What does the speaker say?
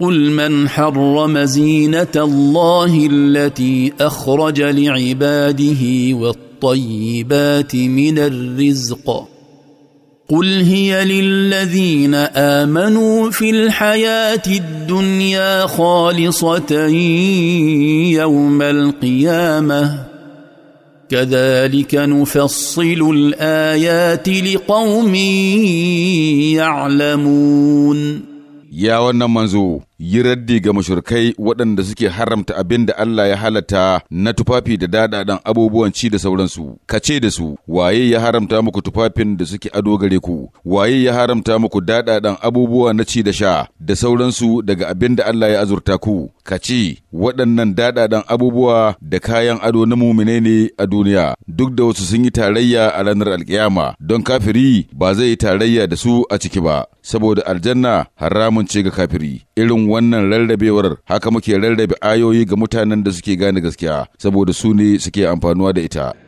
قل من حرم زينه الله التي اخرج لعباده والطيبات من الرزق قل هي للذين امنوا في الحياه الدنيا خالصه يوم القيامه كذلك نفصل الايات لقوم يعلمون ya wannan manzo yi raddi ga mashirkai waɗanda suke haramta abin da Allah ya halatta na tufafi da dadaɗan abubuwan ci da sauransu, ka ce da su, waye ya haramta muku tufafin da suke ado gare ku, waye ya haramta muku dadaɗan abubuwa na ci da sha da sauransu daga abin da Allah ya azurta ku, ka ce waɗannan daɗaɗen abubuwa da kayan ado na mumine ne a duniya, duk da wasu sun yi tarayya a ranar Alƙiyama, don kafiri ba zai yi tarayya da su a ciki ba, saboda aljanna haramun ce ga kafiri, irin wannan rarrabewar haka muke rarrabe ayoyi ga mutanen da suke gane gaskiya saboda su ne suke amfanuwa da ita